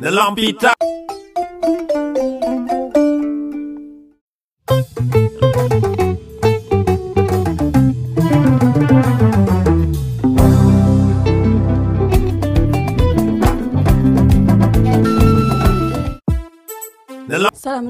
The lumpy top.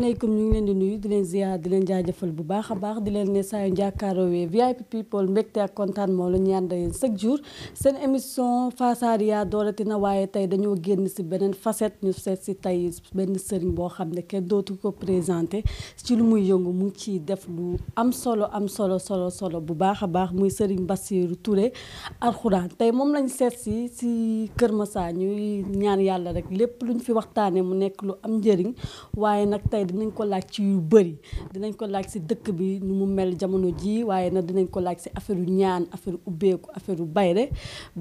asalaamaaleykum ñu ngi leen di nuyu di leen ziar leen jaajëfal bu baax a baax di leen ne saa yu jàkkaarloowee VIP people mbégte ak kontaan moo la ñu ànd yéen chaque seen émission Fassaaria doolati na waaye tey dañoo génn si beneen facette ñu seet si tey benn sëriñ boo xam ne kenn dootu ko présenté ci lu muy yëngu mu ngi ciy def lu am solo am solo solo solo bu baax a baax muy sëriñ Bassirou Touré alxuraan tey moom lañ seet si si Kër Massa ñuy ñaan yàlla rek lépp luñ fi waxtaanee mu nekk lu am njëriñ waaye nag tey dinañ ko laaj ci yu bari dinañ ko laaj si dëkk bi nu mu mel jamono ji waaye nag dinañ ko laaj si affaire yu ñaan affaire ubbeeku affaire yu bayre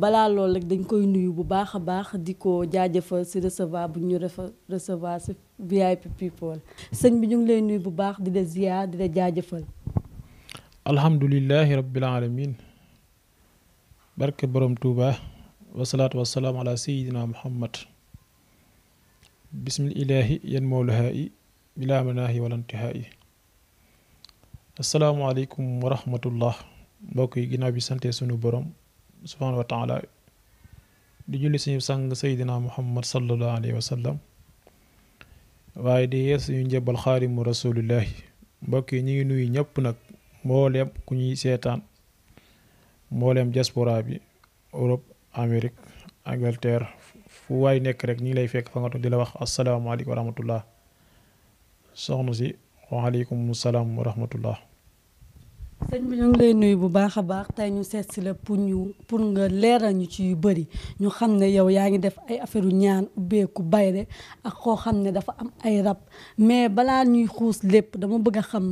balaa lool rek dañ koy nuyu bu baax a baax di ko jaajëfal si recevoir bu ñu refa recevoir VIP people sëñ bi ñu ngi lay nuyu bu baax di la ziar di la jaajëfal. alhamdulilahi rabbil alamin barke borom Touba wasalaatu wasalaam ala sayidina muhammad bismil ilaahi yan mawlaha yi bila manaahi wala intihaayi asalaamaaleykum wa rahmatullah mbokk yi ginaaw bi sante sunu borom subhaanahu wa taala di julli suñu sang seydina muhammad salallahu alayhi wa waaye di yees suñu njëbal xaarimu rasulillahi mbokk yi ñu ngi nuyu ñëpp nag mbooleem ku ñuy seetaan mbooleem diaspora bi Europe Amérique Angleterre fu waay nekk rek ñu ngi lay fekk fa nga toog di la wax asalaamaaleykum wa rahmatullah soxna si waaleykum salaam wa rahmatullah. sëñ bi ñu ngi lay nuyu bu baax a baax tey ñu seet si la pour ñu pour nga leeral ñu ci yu bari ñu xam ne yow yaa ngi def ay affaire ñaan ubbeeku bayre ak koo xam ne dafa am ay rab mais balaa ñuy xuus lépp dama bëgg a xam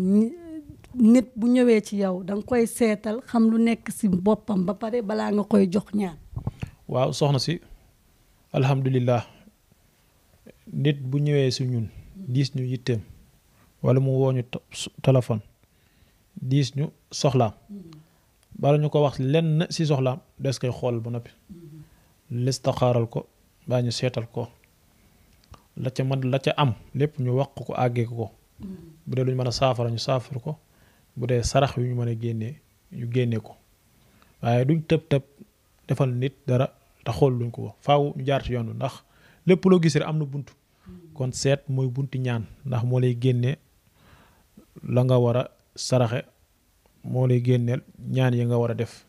nit bu ñëwee ci yow da nga koy seetal xam lu nekk si boppam ba pare balaa nga koy jox ñaan. waaw soxna si alhamdulillah nit bu ñëwee si ñun diis ñu yitteem. wala mu woo ñu téléphone diis ñu soxlaam mm-hmm. bala ñu ko wax lenn si soxlaam des koy xoolal ba noppi mm-hmm. listaxaaral ko baa ñu seetal ko la ca mën la ca am lépp ñu wax ko àggee ko mm-hmm. bu dee lu ñu mën a saafara ñu saafara ko bu dee sarax yu ñu mën a génnee ñu génnee ko waaye duñ tëb tëb defal nit dara te xool luñ ko ko faaw ñu jaar ci yoon bi ndax lépp loo gis rek am na bunt kon seet mooy bunti ñaan ndax moo lay génnee la nga war a saraxe moo lay génneel ñaan yi nga war a def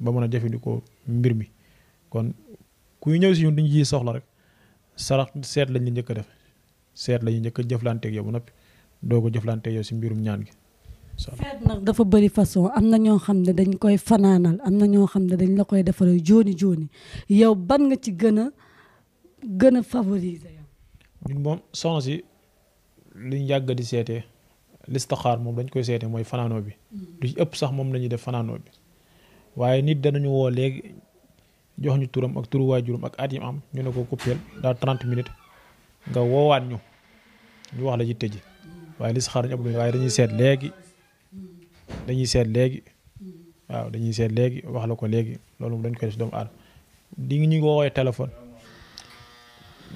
ba mën a jëfandikoo mbir mi kon kuy ñëw si ñun duñu ji soxla rek sarax seet lañ la njëkk a def seet lañu njëkk a jëflanteeg yow ba noppi doo ko jëflanteeg yow si mbirum ñaan gi seet nag dafa bëri façon am na ñoo xam ne dañ koy fanaanal am na ñoo xam ne dañ la koy defal jooni jooni yow ban nga ci gën a gën a favoriser yow ñun moom soxna si liñ yàgg di seetee listixaar moom dañ koy seete mooy fanaanoo bi mm. lu ci ëpp sax moom lañuy def fanaanoo bi waaye nit danañu woo léegi jox ñu turam ak turu waajuram ak at yi am ñu ne ko kuppeel daal trente minutes nga woowaat ñu ñu wax la ci tëji waaye listixaar dañu ëpp waaye dañuy seet léegi dañuy seet léegi waaw dañuy seet léegi wax la ko léegi loolu dañ koy def si doomu aadama di ngi ñu woowee téléphone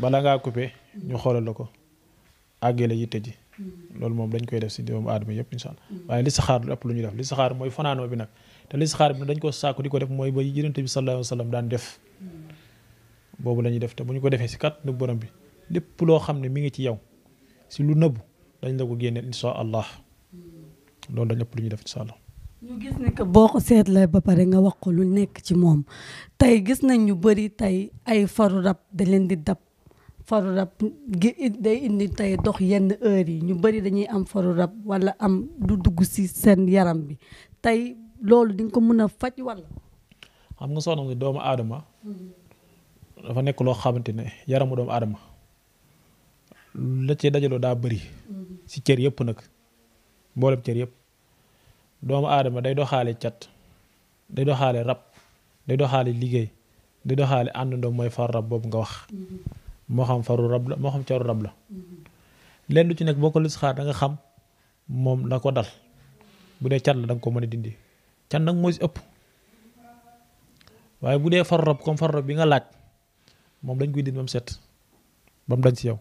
bala ngaa coupé ñu xoolal la ko àggee la yitte ji Mm. loolu moom dañ koy def si doomu aadama yëpp incha allah mm. waaye listixaar lu ëpp lu ñu def listixaar mooy fanaanoo bi nag te listixaar bi nag dañ ko sàkku di ko def mooy ba yonent bi mm. boobu la def te bu ñu ko defee si kat nu borom bi lépp loo xam ne mi ngi ci yow si lu nëbbu dañ la ko génneel incha allah loolu dañ ëpp lu ñuy def incha allah ñu gis ni boo ko seet seetlee ba pare nga wax ko lu nekk ci moom tey gis nañ ñu bëri tey ay faru rab da leen di dab faru rab gi day indi tey dox yenn heure yi ñu bari dañuy am faru rab walla am du dugg si seen yaram bi tey loolu di nga ko mën a faj wala. xam nga soxna nga doomu aadama. dafa nekk loo xamante ne yaramu doomu adama la ci dajaloo daa bëri. Mm-hmm. si yëpp nag mboolem yëpp. doomu aadama day doxaale cat day doxaale rab day doxaale liggéey day doxaale àndandoo mooy far rab boobu nga wax. Mm-hmm. moo xam faru rab la moo xam caru rab la lenn lu ci nekk boo ko listixaar da nga xam moom la ko dal bu dee cat la da ko mën a dindi cat nag moo si ëpp waaye bu dee faru rab comme faru rab bi nga laaj moom dañ koy dindi ba mu set ba mu dañ si yow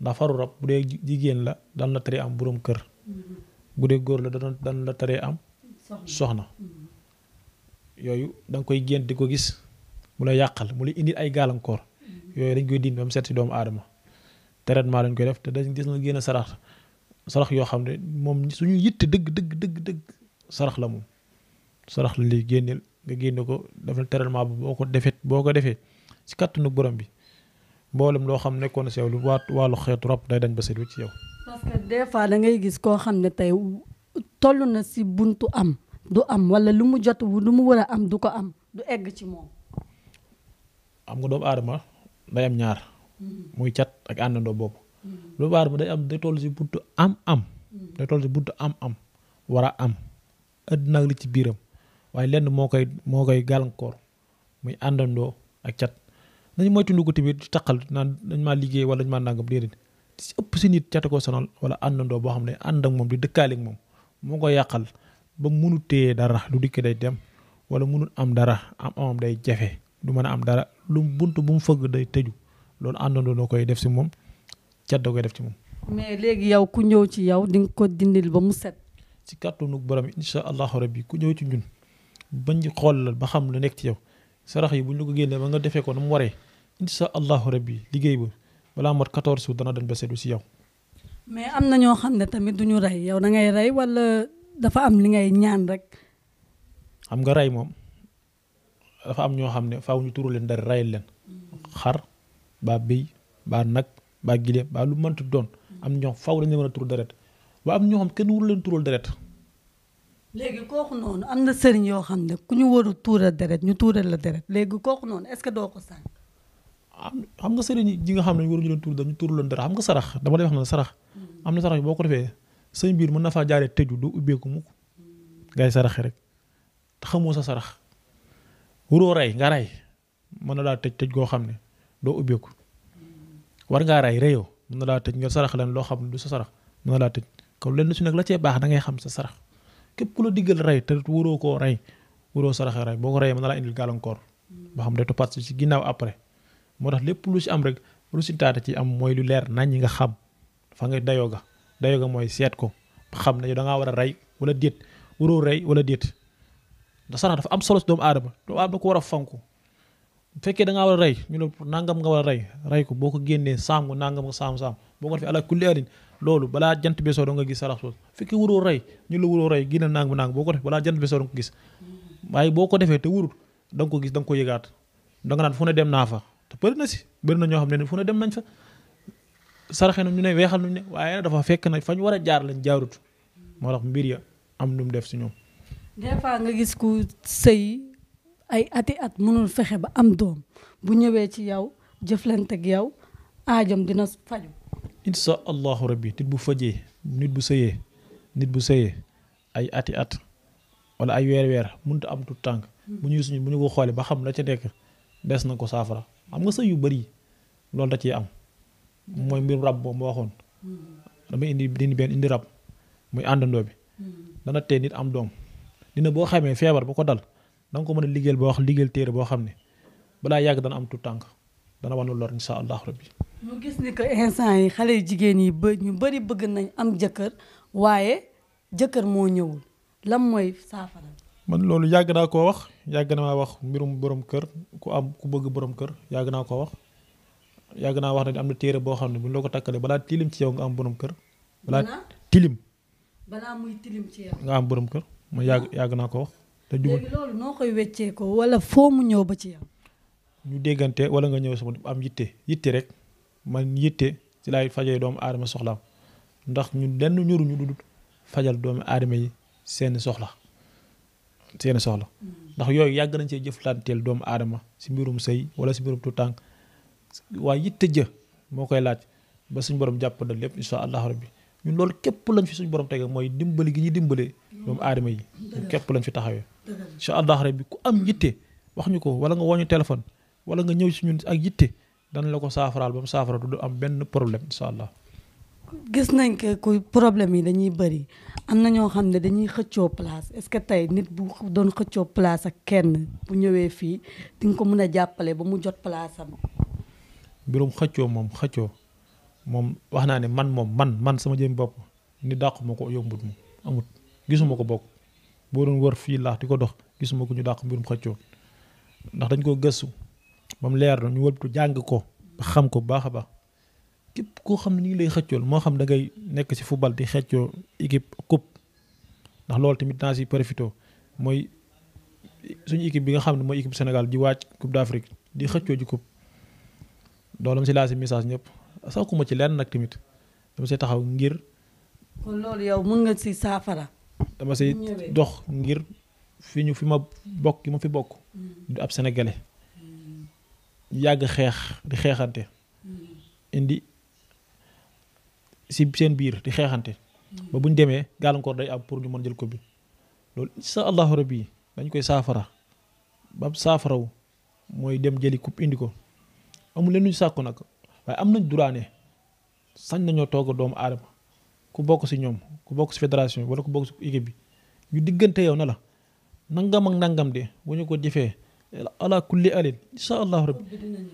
ndax faru rab bu dee jigéen la daan la tere am boroom kër bu dee góor la daan daan la tere am soxna yooyu da koy gént di ko gis mu lay yàqal mu lay indi ay gàllankoor yooyu dañ koy diin ba mu set si doomu aadama traitement dañ koy def te dañ des na génn sarax sarax yoo xam ne moom suñu yitte dëgg dëgg dëgg dëgg sarax la moom sarax la lii génneel nga génne ko defal traitement bu boo ko defee boo ko defee si kàttanu borom bi mboolem loo xam nekkoon na si yow lu wàllu xeetu rab day dañ ba seet wi ci yow. parce que des da ngay gis koo xam ne tey toll na si buntu am du am wala lu mu jot lu mu war am du ko am du egg ci moom. am nga doomu aadama day am ñaar muy cat ak àndandoo boobu lu bari bi day am day toll si buntu am am day toll si buntu am am war am àddina ak li ci biiram waaye lenn moo koy moo koy gàllankoor muy àndandoo ak cat nañ mooy tundu ko tamit taqal naan dañ maa liggéey wala dañ maa nangam si ëpp si nit cat ko sonal wala àndandoo boo xam ne ànd ak moom di dëkkaale moom moo ko yàqal ba munu téyee dara lu dikk day dem wala munul am dara am amam day jafe du mën a am dara lu bunt bu mu fëgg day tëju loolu àndandoo noo koy def si moom cat da koy def ci moom. mais léegi yow ku ñëw ci yow di nga ko dindil ba mu set. si kàttanu borom incha allahu rabbi ku ñëw ci ñun bañ xool la ba xam lu nekk ci yow sarax yi bu ñu ko génnee ba nga defee ko na mu waree incha allahu rabbi liggéey bi balaa mot 14 jours dana dem ba setu si yow. mais am na ñoo xam ne tamit du ñu rey yow da ngay rey walla dafa am li ngay ñaan rek. xam nga rey moom. dafa am ñoo xam ne faaw ñu tuuru leen dara rayal leen xar baa béy baa nag baa gileem baa lu mënti doon am ñoo faaw dañu leen mën a tuuru deret waa am xam kenn wuru leen tuural deret léegi kooku noonu am na sëriñ yoo xam ne ku ñu waru tuural deret ñu tuural la deret léegi kooku noonu est-ce que doo ko sànq xam nga sëriñ ji nga xam ne waru ñu leen tuur ñu tuural leen deret xam nga sarax dama def xam ne sarax hmm. am na sarax boo ko defee sëñ biir mën na faa jaaree tëju du ubbeeku mukk ngay saraxe rek te xamoo sa sarax wuroo rey nga rey mën na laa tëj tëj goo xam ne doo ubbeeku war ngaa rey reyoo mën na laa tëj nga sarax leen loo xam ne du sa sarax mën na laa tëj kon leen su nekk la cee baax dangay ngay xam sa sarax képp ku la diggal rey te wuroo koo rey wuroo saraxe rey boo ko reyee mën na laa indil gàllankoor boo xam ne toppaat si ginnaaw après moo tax lépp lu si am rek résultat ci am mooy lu leer nañ ñi nga xam fa nga dayoo ga dayoo ga mooy seet ko xam ne da war a rey wala déet wuroo rey wala déet ndax sarax dafa am solo si doomu aadama doomu ko war a fonk bu fekkee da ngaa a rey ñu ne nangam nga war a rey rey ko boo ko génnee saam nga nangam nga boo ko defee ala kulli alin loolu balaa jant bi soo nga gis sarax soosu bu rey ñu la wuroo rey génne nangam nangam boo ko defee balaa jant bi soo da gis waaye boo ko defee te wurut da gis da nga ko yëgaat da nga naan fu ne dem naa fa te bëri na si bëri na ñoo xam ne fu ne dem nañ fa saraxe nu ñu ne weexal nu ñu ne waaye dafa fekk na fañ war a jaar lañ jaarut moo tax mbir ya am nu mu def si ñoom des nga gis ku sëy ay ati at mënul fexe ba am doom bu ñëwee ci yow jëflante ak yow aajam dina faju incha allahu rabbi nit bu fajee nit bu sëyee nit bu sëyee ay ati at wala ay weer weer mënut am tout tànk mu ñuy suñu bu ñu ko xoolee ba xam la ca nekk des na ko saafara xam nga sëy yu bari loolu da ciy am mooy mbir rab boobu ma waxoon hmm. damay indi benn indi rab muy àndandoo bi hmm. dana tee nit am doom dina boo xamee feebar boo ko dal da nga ko mën a liggéeyal boo wax liggéeyal téere boo xam ne balaa yàgg dana am tout tànk dana wan lor insha allah rabbi ñu gis ni que instant yi xale jigéen yi ba ñu bëri bëgg nañ am jëkkër waaye jëkkër moo ñëwul lan mooy saafara. man loolu yàgg naa koo wax yàgg naa wax mbirum borom kër ku am ku bëgg borom kër yàgg naa koo wax yàgg naa wax ne am na téere boo xam ne bu ñu la ko takkalee balaa tilim ci yow nga am borom kër. balaa tilim. balaa muy nga am borom kër. ma yàgg yàgg naa ko wax. te jubal léegi noo koy weccee ko wala foo mu ñëw ba ci yow. ñu déggante wala nga ñëw sama am yitte yitte rek man yitte ci laay fajee doomu aadama soxlaam ndax ñun lenn ñoruñu du fajal doomu aadama yi seen soxla seen soxla hmm. ndax yooyu yàgg nañ cee jëflanteel doomu aadama si mbirum sëy wala si mbirum tuutànk waaye yitte jë moo koy laaj ba suñu borom jàppandal lépp incha allahu rabbi ñun loolu képp lañ fi suñ borom tege mooy dimbali gi ñu dimbale. doomu aadama yi képp lañ fi taxawee incha allah bi ku am yitte wax ñu ko wala nga woñu téléphone wala nga ñëw si ñun ak yitte dana la ko saafaraal ba mu saafara du am benn problème incha allah gis nañ que kuy problème yi dañuy bëri am na ñoo xam ne dañuy xëccoo place est-ce que tey nit bu doon xëccoo place ak kenn bu ñëwee fii di nga ko mën a jàppale ba mu jot place am. mbirum xëccoo moom xëccoo moom wax naa ne man moom man man sama jëm bopp ni dàqu ko yombut gisuma ko bokk boo doon wër fii laax di ko dox gisuma ko ñu dàq mbirum xëccoo ndax dañ ko gëstu ba mu leer na ñu wëlbatu jàng ko ba xam ko baax a baax képp koo xam ne ñu ngi lay xëccool moo xam da ngay nekk ci football di xëccoo équipe coupe ndax loolu tamit naa si profité mooy suñu équipe bi nga xam ne mooy équipe Sénégal di wàcc coupe d'Afrique di xëccoo ji coupe loolu si laa si message ñëpp sakku ma ci lenn nag tamit dama see taxaw ngir. kon loolu yow mën dama si dox ngir fi ñu fi ma bokk ki ma fi bokk mm. du ab sénégalais mm. yàgg xeex di xeexante mm. indi si seen biir di xeexante ba bu ñu demee gàllankoor day am pour ñu man jël ko bi loolu insha allahu rabbi dañ koy saafara ba saafaraw mooy dem jëli coupe indi ko amul leen lu ñu sàkku nag waaye am nañ duraane sañ nañoo togg doomu aadama ku bokk si ñoom ku bokk si fédération wala ku bokk si équipe bi ñu diggante yow na la nangam ak nangam de bu ñu ko jëfee ala kulli alin incha allahu rabbi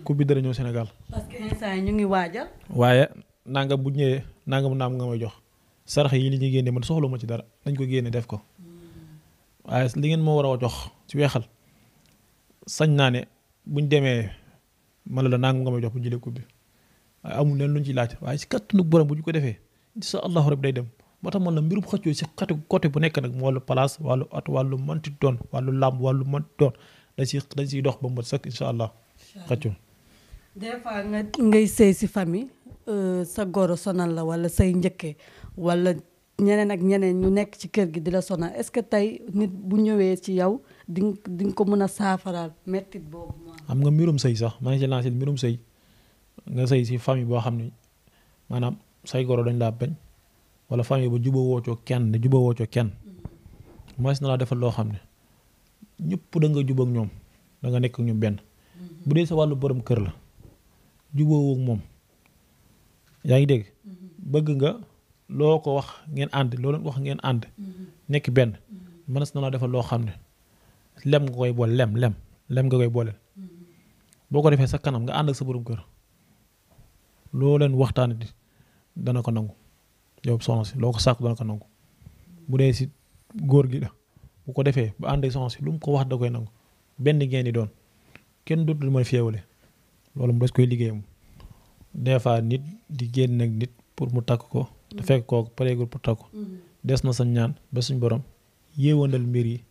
ku bi ñu ngi waajal. waaye nangam bu ñëwee nangam naam nga may jox sarax yi li ñuy génne man soxla ma ci dara nañ ko génne def ko hmm. waaye li ngeen moo war a jox ci weexal sañ naa ne buñ demee man la nangam nga may jox bu jëlee coupe bi waaye amul leen luñ ci laaj waaye si kattanu borom bu ñu ko defee. incha allahu rabi day dem moo tax man la mbirum xëccoo si xati côté bu nekk nag wàllu place wàllu at wàllu mënti doon wàllu làmb wàllu mënti doon dañ siy dox ba mu sëkk incha allah. xëccoo. des fois nga ngay sëy si famille euh, sa goro sonal la wala say njëkkee wala ñeneen ak ñeneen ñu nekk ci kër gi di la sonal est-ce que tey nit bu ñëwee ci yow di di nga ko mën a saafaraal mettit boobu. xam nga mbirum sëy sax maa ngi si lancé mbirum sëy nga sëy si famille boo xam ni maanaam. say goro dañ laa bañ wala famille ba juba woocoo kenn juba woocoo kenn mm-hmm. mas na laa defal loo xam ne ñëpp da nga jub ñoom danga nekk ñu benn mm-hmm. bu dee sa wàllu borom kër la jubóowoo ak moom yaa ngi dégg mm-hmm. bëgg nga loo ko wax ngeen ànd loo leen wax ngeen ànd nekk benn mënees na laa defal loo xam ne lem nga koy boole lem lem lem nga koy booleel boo ko defee sa kanam nga ànd ak sa borom kër loo leen waxtaanee dana ko nangu yow soxna si loo ko sàkk dana ko nangu bu dee si góor gi la bu ko defee ba ànd soxna si lu mu ko wax da koy nangu benn ngeen di doon kenn dootul mën féewale loolu mu des koy liggéeyam des fois nit di génn ak nit pour mu takk ko te fekk kooku pareegul pour takk ko des na sa ñaan ba suñ borom yéewandal mbir yi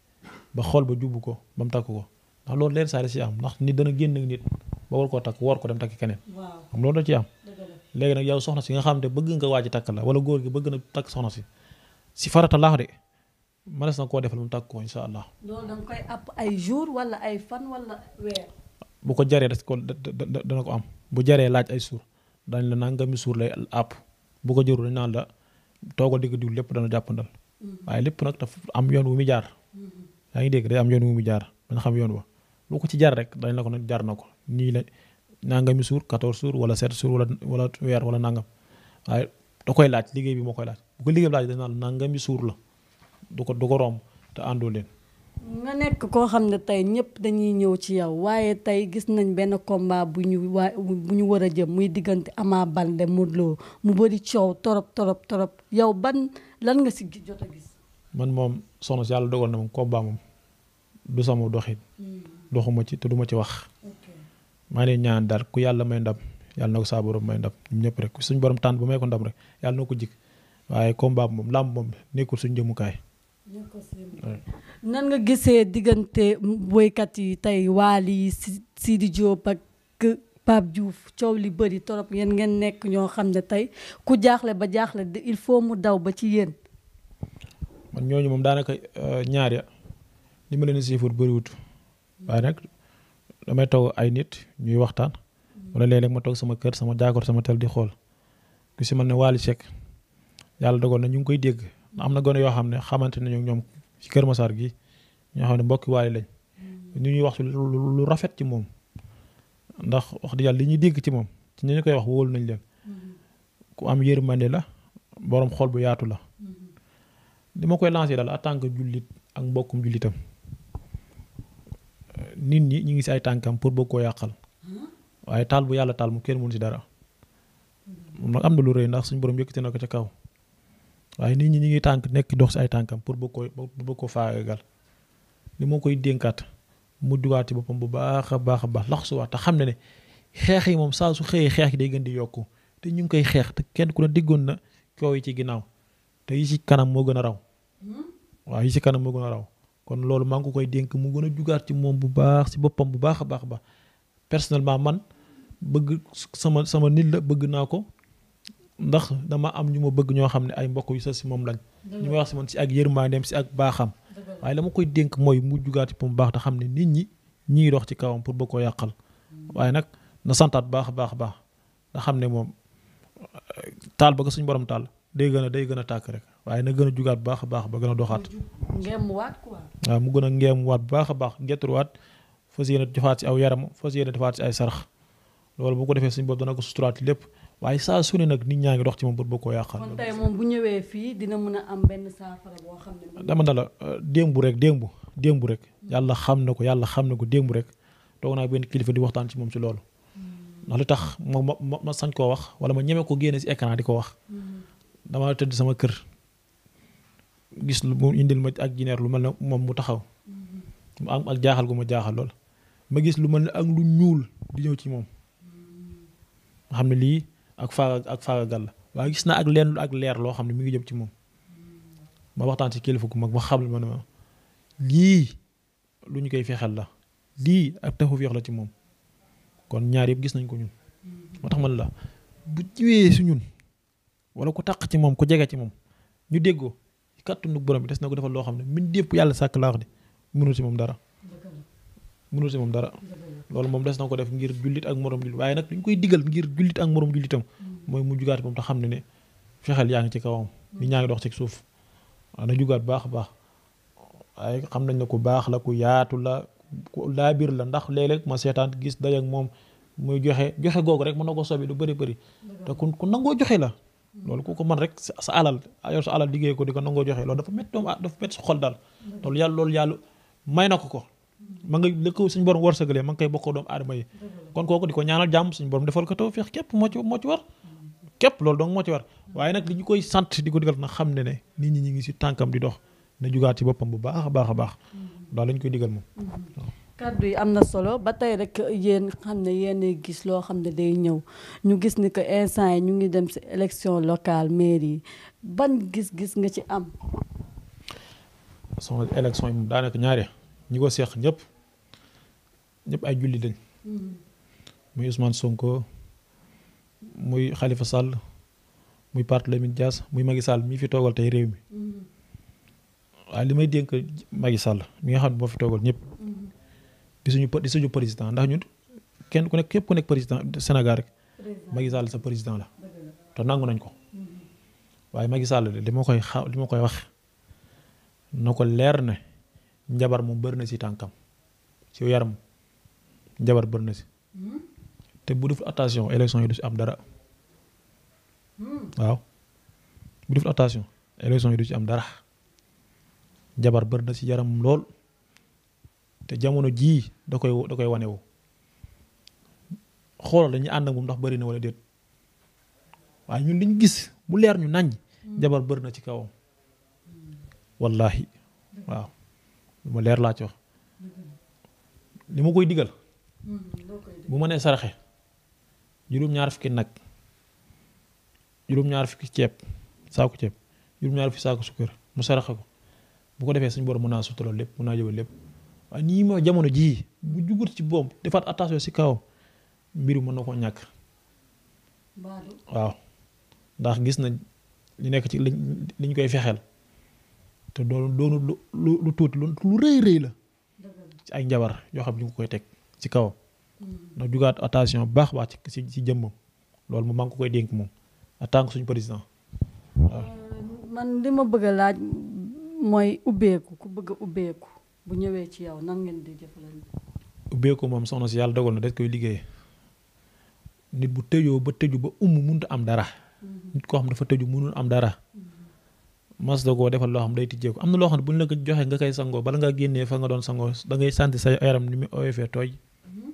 ba xol ba jubbu ko ba mu takk ko ndax loolu leen saa da si am ndax nit dana génn ak nit ba war koo takk war ko dem takk keneen léegi nag yow soxna si nga xam ne bëgg nga waaj takk la wala góor gi bëgg na takk soxna si si farata laax de mënees na koo defal mu takk ko incha allah. da nga ay jour wala ay fan wala bu ko jaree da ko dana ko am bu jaree ay suur dañ la nangami suur lay àpp bu ko jëru dañ naan la toogal digg diw lépp dana jàppandal. Mm-hmm. waaye lépp nag dafa am yoon wu muy jaar. Mm-hmm. yaa ngi dégg day am yoon wu muy jaar dana xam yoon wa lu ko ci jar rek dañ la ko nag jar na ko nii la. nangami suur 14 suur wala 7 suur wala wala weer wala nangam waaye da koy laaj liggéey bi moo koy laaj bu ko liggéey bi laaj danaa nangami suur la du ko du ko romb te àndoo leen. nga nekk koo xam ne tey ñëpp dañuy ñëw ci yaw waaye tey gis nañ benn combat bu ñu bu ñu war a jëm muy diggante Ama Baldé mu bëri coow torop torop torop yow ban lan nga si jot a man moom soxna si yàlla dogal na moom combat moom du sama doxin. Hmm. doxuma ci te duma ci wax. maa ngi ñaan daal ku yàlla may ndam yàlla na ko saa borom may ndam ñun ñëpp rek suñu borom tànn ba may ko ndam rek yàlla na ko jik waaye combat moom làmb moom nekkul suñu jëmukaay. nan nga gisee diggante woykat yi tey Waly Sidi Diop ak Pape Diouf coow li bëri torop yéen ngeen nekk ñoo xam ne tey ku jaaxle ba jaaxle il faut mu daw ba ci yéen. man ñooñu moom daanaka euh, ñaar ya li ma leen a siifut bëriwut waaye nag damay toog ay nit ñuy waxtaan mm-hmm. wala léeg ma toog sama kër sama jaakoor sama tel di xool ku si mel ne Wally Seck yàlla dogoon na ñu ngi koy dégg am na gone yoo xam ne xamante nañu ñoom ci Kër Massar gi ñoo xam ne mbokki Wally lañ ñu mm-hmm. ñuy wax lu rafet ci moom ndax wax dëgg yàlla li dégg ci moom ci ñu koy wax wóolu nañ leen mm-hmm. ku am yërmande la boroom xol bu yaatu la li ma koy lancé daal en tant que jullit ak mbokkum jullitam nit ñi ñu ngi si ay tànkam pour bëgg koo yàqal waaye taal bu yàlla taal mu kenn mënu si dara moom nag am na lu rëy ndax suñ borom yëkkati na ko ca kaw waaye nit ñi ñu ngi tànk nekk dox si ay tànkam pour bëgg koo bëgg koo faagagal li moo koy dénkaat mu diwaat ci boppam bu baax a baax a baax su wax te xam ne ne xeex yi moom saa su xëyee xeex yi day gën di yokku te ñu ngi koy xeex te kenn ku ne diggoon na coow yi ci ginnaaw te yi ci kanam moo gën a raw hmm? waaw yi ci kanam moo gën raw kon loolu maa ngi ko koy dénk mu gën a jugaat ci moom bu baax si boppam bu baax baax a baax personnellement man bëgg sama sama nit la bëgg naa ko ndax dama am ñu ma bëgg ñoo xam ne ay mbokk yu sa si moom lañ. ñu ma wax si man si ak yërmandeem si ak baaxam. waaye la ma koy dénk mooy mu jugaat ci moom baax te xam ne nit ñi ñi dox ci kawam pour bëgg koo yàqal. Hmm. waaye nag na santaat baax a baax a baax nga xam ne moom taal ba ko suñu borom taal day gën a day gën a tàkk rek waaye na gën a jugaat baax a baax ba gën waaw mu gën a ngeem waat bu baax a baax ngetturuwaat fas yéene defaat si aw yaram fas yéene defaat si ay sarax loolu bu ko defee suñu bopp dana ko suturaat lépp waaye saa su ne nag nit ñaa ngi dox ci moom bët boo ko yàqal. kon tey moom bu ñëwee fii dina mën a am benn saafara dama ne la euh, démb rek démb démb rek yàlla xam na ko yàlla xam na ko démb rek toog naa benn kilifa di waxtaan ci moom ci loolu. Hmm. ndax li tax ma ma ma sañ koo wax wala ma ñeme ko génne si écran di ko wax. Hmm. dama tëdd sama kër gis lu mu indil ma ak gineer lu mel ne moom mu taxaw mm-hmm. mu am ak jaaxal gu ma jaaxal lool ma gis lu mel ne ak lu ñuul di ñëw ci moom mm-hmm. nga xam ne lii ak faaga ak la waaye gis naa ak leen ak leer loo xam ne mi ngi jëm ci moom mm-hmm. ma waxtaan ci kilifa gu mag ma xam ma ne ma lii lu ñu koy fexel la lii ak taxu feex la ci moom kon ñaar yëpp gis nañ ko ñun moo tax man la bu jiwee su ñun wala ku taq ci moom ku jege ci moom ñu déggoo kàttanu borom bi def na ko defal loo xam ne min dépp yàlla sàkk laa wax de mënul si moom dara mënul si moom dara loolu moom des na ko def ngir jullit ak morom jullit waaye nag lu koy digal ngir jullit ak morom jullitam mooy mu jugaat moom te xam ne ne fexeel yaa ngi ci kawam ni ñaa ngi dox ci suuf waaw na jugaat baax a baax waaye xam nañ ne ku baax la ku yaatu la ku laabir la ndax léeg-léeg ma seetaan gis daje moom muy joxe joxe googu rek mën na ko sobi lu bëri bari te ku nangoo joxe la loolu ku ko mën rek sa alal yor sa alal liggéey ko di ko nangoo joxe loolu dafa métti doomu dafa métti sa xol daal mm. loolu yàlla loolu yàlla may na ko ko mm. ma nga lë ko suñu borom war sa ma man koy bokkoo doomu aadama yi kon kooku di ko ñaanal jàmm suñu borom defal ko tawfeex képp moo ci moo ci war mm. képp loolu donc moo ci war waaye nag li ñu koy sant di ko digal na xam ne ne nit ñi ñi ngi si tànkam di dox na jugaat ci boppam bu baax a baax a baax daal lañ koy digal moom kaddu yi am na solo ba tey rek yéen xam ne yéen gis loo xam ne day ñëw ñu gis ni que instant yi ñu ngi dem si élection locale mairie yi ban gis-gis nga ci am. son élection yi daanaka ñaare ñi ko seex ñëpp ñëpp ay julli dañ hmm. muy Ousmane Sonko muy Khalifa Sall muy Pape Lamine Dias muy Macky Sall mii fi toogal tey réew mi hmm. waaye li may dénk magi Sall mi nga xam ne moo fi toogal ñëpp. di suñu di suñu président ndax ñu kenn ku nekk képp ku nekk président Sénégal rek Macky sa président la te nangu nañ ko mm-hmm. waaye Macky Sall li ma koy xaw li ma koy wax na ko leer ne njabar moom bëri na si tànkam si yaram njabar bëri na si hmm? te bu def attention élection yi du si am dara hmm. waaw bu def attention élection yi du si am dara jabar bëri si yaram lool. te jamono jii da koy da koy wane wu xoolal dañuy ànd ak moom ndax bëri na wala déet waaye ñun liñ gis mu leer ñu nañ mm. jabar bëri na ci kawam wallahi waaw lu ma leer laa ci wax li ma koy digal mm, bu ma nee saraxe juróom-ñaar fukki nag juróom-ñaar fukki ceeb saaku ceeb juróom-ñaar fukki saaku sukkër mu saraxe ko bu ko defee suñu borom mën naa sutalool lépp mën naa jëwal lépp waaye nii mooy jamono jii bu jugut ci boom defaat attention ci kawam mbiru mën na ko ñakk waaw ndax gis na li nekk ci liñ koy fexeel te doon doonu lu lu tuuti lu rëy rëy la ci ay njabar yoo xam ñu ngi koy teg ci kawam mm. ndax jugaat attention baax baax ci ci jëmmam loolu mu maa ngi ko koy dénk moom en tànk suñu président waaw. Euh, man li ma bëgg a laaj mooy ubbeeku ku bëgg a ubbeeku bu ñëwee ci yow nan ngeen di ubbeeku moom soxna si yàlla dogal na dañ koy liggéey nit bu tëjoo ba tëju ba umm mënut am dara. Mm-hmm. nit koo xam dafa tëju mënul am dara. Mm-hmm. mas da defal loo xam day tijjeeku am na loo xam ne bu ñu la ko joxee nga koy sangoo bala ngaa génnee fa doon sangoo da ngay santi sa yaram ni mu oyofee tooy. Mm-hmm.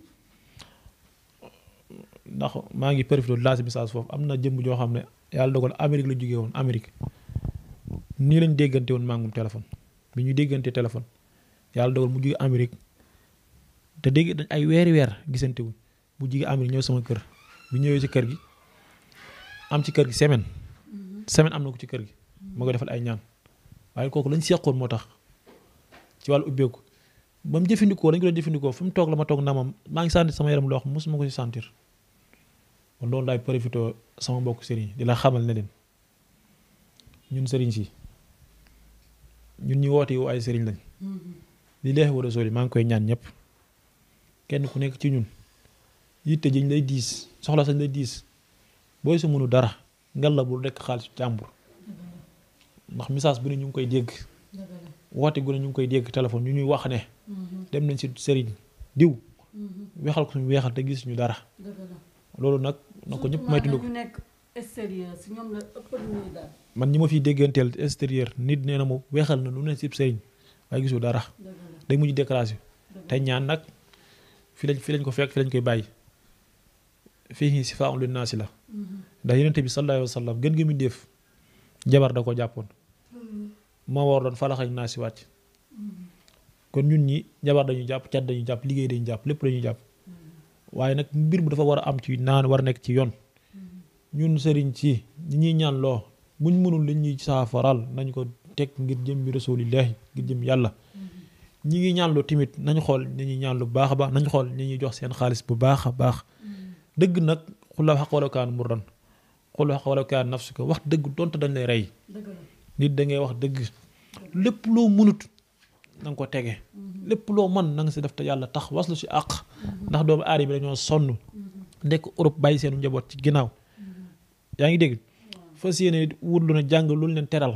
ndax maa ngi profité di laaj message foofu am na jëmm joo xam ne yàlla dogal Amérique la jógee woon Amérique nii lañ déggante woon maa ngi téléphone bi ñu déggante téléphone. yàlla dogal mu jóge Amérique te dégg dañ ay weeri weer gisante wuñ mu jóge Amérique ñëw sama kër bu ñëwee ci kër gi am ci kër gi semaine mm-hmm. semaine am na ko ci kër gi ma ko defal ay ñaan waaye kooku lañ seqoon moo tax ci wàllu ubbeeku ba mu jëfandikoo dañ ko doon jëfandikoo fu mu toog la ma toog namam maa ngi sentir sama yaram loo xam mosuma ko ci sentir kon loolu laay profité sama mbokk sëriñ di la xamal ne leen ñun sëriñ si ñun ñu woote wu ay sëriñ lañ mm-hmm. li leex war a sori maa ngi koy ñaan ñëpp kenn ku nekk ci ñun yitte jiñ lay diis soxla sañ lay diis booy su mënu dara ngal la bul rekk xaalis jàmbur ndax message bu ne ñu ngi koy dégg woote gu ne ñu ngi koy dégg téléphone ñu ñuy wax ne dem nañ si sëriñ diw weexal ko suñu weexal te gis ñu dara loolu nag na ko ñëpp may tundu man ñu ma fiy dégganteel extérieur nit nee na mu weexal na lu ne si sëriñ waaye gisu dara day mujj déclaration te ñaan nag fi lañ fi lañ ko fekk fi lañ koy bàyyi fii si sifaa'un linnaasi la mm-hmm. ndax yonent bi sallallaahu alayhi gën gi mu def jabar da ko jàppoon mm-hmm. moo war doon falax ak naasi wàcc mm-hmm. kon ñun ñi jabar dañuy jàpp cat dañu jàpp liggéey dañu jàpp lépp dañu jàpp waaye nag mbir mu dafa war a am ci naan war a nekk ci yoon ñun sëriñ ci ñi ñuy ñaan loo buñ mënul li ñuy saafaral nañ ko teg ngir jëm bi rasuulillaahi ngir jëm yàlla ñi ngi ñaan lu timit nañu xool ñi ñuy ñaan lu baax a baax nañu xool ñi ñuy jox seen xaalis bu baax a baax dëgg nag xula xaq wala kaan murran xula xaq wala kaan si ko wax dëgg dont dañu lay rey nit dangay wax dëgg lépp loo mënut na nga ko tege mhm. lépp loo mën na si def te yàlla tax waslu si àq mhm. ndax doomu aadama bi dañoo sonn mhm. ndekk orop bàyyi seenu njaboot ci ginnaaw yaa ngi dégg fas yéene wut lu jàng lu leen teral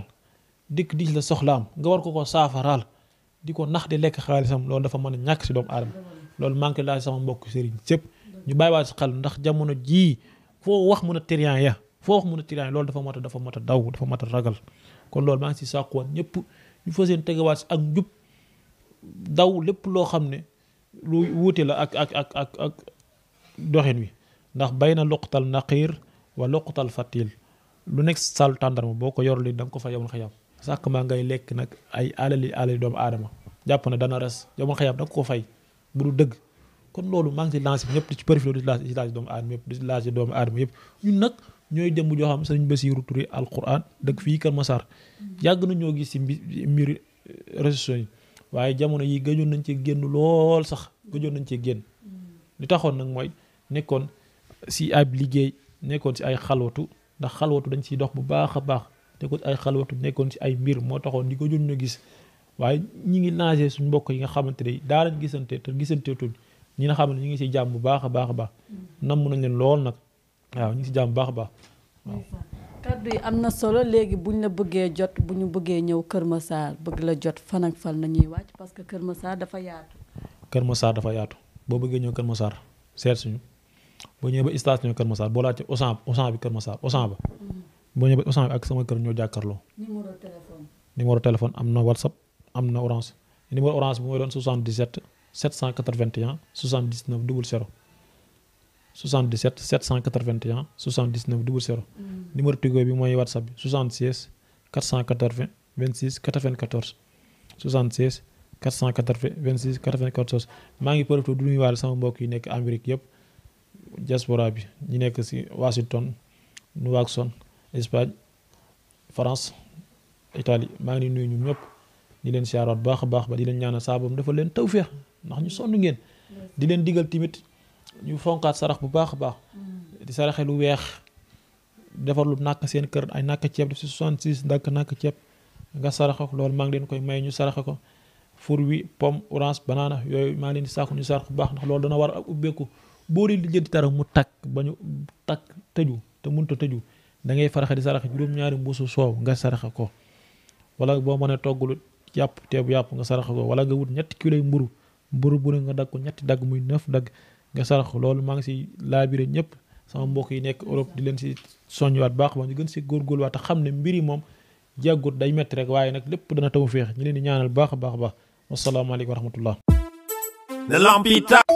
dikk di la soxlaam nga war ko ko saafaraal di ko nax di lekk xaalisam loolu dafa mën a ñàkk si doomu aadama loolu manqué laa sama mbokk sëriñ sëpp ñu bàyyiwaat si xel ndax jamono jii foo wax mun a tiriyan ya foo wax mun a tiriyan loolu dafa mat dafa mat a daw dafa mat a ragal kon loolu maa ngi si sàkkuwoon ñëpp ñu fa seen tegewaat si ak njub daw lépp loo xam ne lu wuute la ak ak ak ak ak doxin wi ndax bay na loqutal naqiir wa loqutal fatil lu nekk saalu boo ko yorli da nga ko fa yamul xayam sàkk maa ngay lekk nag ay alali alali doomu aadama jàpp na dana res yow ma xëyam da nga ko fay bu du dëgg kon loolu maa ngi ci lancé ñëpp di ci profil di ci lancé doomu aadama yëpp di ci lancé doomu aadama yëpp ñun nag ñooy jëmm joo xam sëriñ Bassirou Touré alquran dëkk fii Kër Massar yàgg na ñoo gis ci mbir réseaux yi waaye jamono yi gëjoon nañ ci génn lool sax gëjoon nañ ci génn li taxoon nag mooy nekkoon si ab liggéey nekkoon si ay xalwatu ndax xalwatu dañ ciy dox bu baax a baax nekkoon ay xalwatu nekkoon ci ay mbir moo taxoon di ko jot ñu gis waaye ñi ngi nagé suñ mbokk yi nga xamante ne daa lañ gisante te gisanteetuñ ñi nga xam ne ñu ngi ci jàmm bu baax a baax baax mm. nam mun nañ leen lool nag waaw ñu ngi ci jàmm bu baax a baax waaw yi am na solo léegi buñ la bëggee jot bu ñu bëggee ñëw Kër Massar bëgg la jot fan ak fan nañuy wàcc parce que Kër Massar dafa yaatu Kër Massar dafa yaatu boo bëggee ñëw Kër Massar seet suñu boo ñëwee ba station Kër Massar boo laajte osan osan bi Kër Massar ba mm. boo ñëwee Ousseynou bi ak sama kër ñoo jàkkaarloo. numéro téléphone. am na WhatsApp am na orange numéro orange bi mooy doon 77 781 79 00 77 781 79 00. numéro Tigo bi mooy WhatsApp bi 76 480 26 94 76 480 26 maa ngi profité du nuyuwaale sama mbokk yi nekk Amérique yëpp diaspora bi ñu nekk si Washington New York Espagne France Italie maa ngi nuyu ñu ñëpp di leen siyaaroot baax a baax ba di leen ñaanal saabam dafa leen tawféex ndax ñu sonn ngeen. di leen digal tamit ñu fonkaat sarax bu baax a baax. di saraxe lu weex defar lu nàkk seen kër ay nakk ceeb def si 66 ndàkk nàkk ceeb nga saraxe ko loolu maa ngi leen koy may ñu saraxe ko. fur wi pomme orange banana yooyu maa ngi leen di sàkku ñu sarax bu baax ndax loolu dana war a ubbeeku boo di jënd tara mu takk ba ñu takk tëju te mënut tëju. da ngay faraxe di saraxe juróom-ñaari mbuusu soow nga saraxe ko wala boo mënee toggul yàpp teebu nga saraxe ko wala nga wut ñetti kiloy mburu mburu bu ne nga dagg ko ñetti dagg muy neuf dagg nga sarax loolu maa ngi si laabire ñëpp sama mbokk yi nekk Europe di leen si waat baax ba ñu gën si góor te xam ne mbir yi moom yàggut day métti rek waaye nag lépp dana taw feex ñu leen di ñaanal baax baax a baax wasalaamaaleykum wa rahmatullah